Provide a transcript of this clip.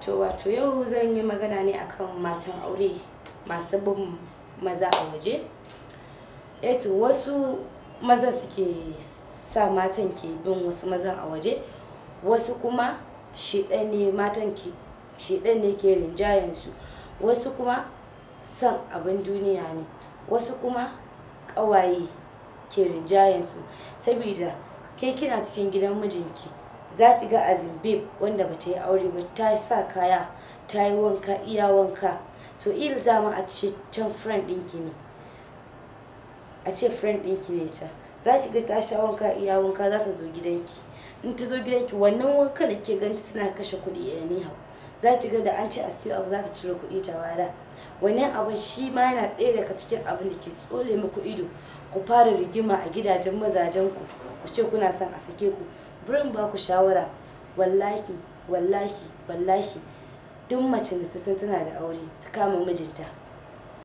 to wato yau zan yi magana ne akan matan aure masu bin maza a waje eto eh wasu maza suke sa matan ke bin wasu mazan a waje wasu kuma ne matan ke shiɗan ne ke rinjayensu wasu kuma son abin duniya ne wasu kuma ƙawaye ke rinjayensu saboda kai kina cikin gidan mijinki za ki ga azin babe wanda ba ta yi aure ba ta sa kaya ta yi wanka iya wanka to il dama a ce can friend ɗinki ne a ce friend ɗinki ne can za ki ga ta sha wanka iya wanka za ta zo gidanki in ta zo gidanki wannan wanka da ke ganta suna kashe kuɗi eh, anyhow za ki ga da an ce a siyo abu za ta ciro kuɗi ta wada wannan abu shi ma yana ɗaya daga cikin abin da ke tsole muku ido ku fara rigima a gidajen mazajen ku ku ce kuna son a sake ku burin ba ku shawara wallahi wallahi wallahi duk mace da ta san tana da aure ta kama mijinta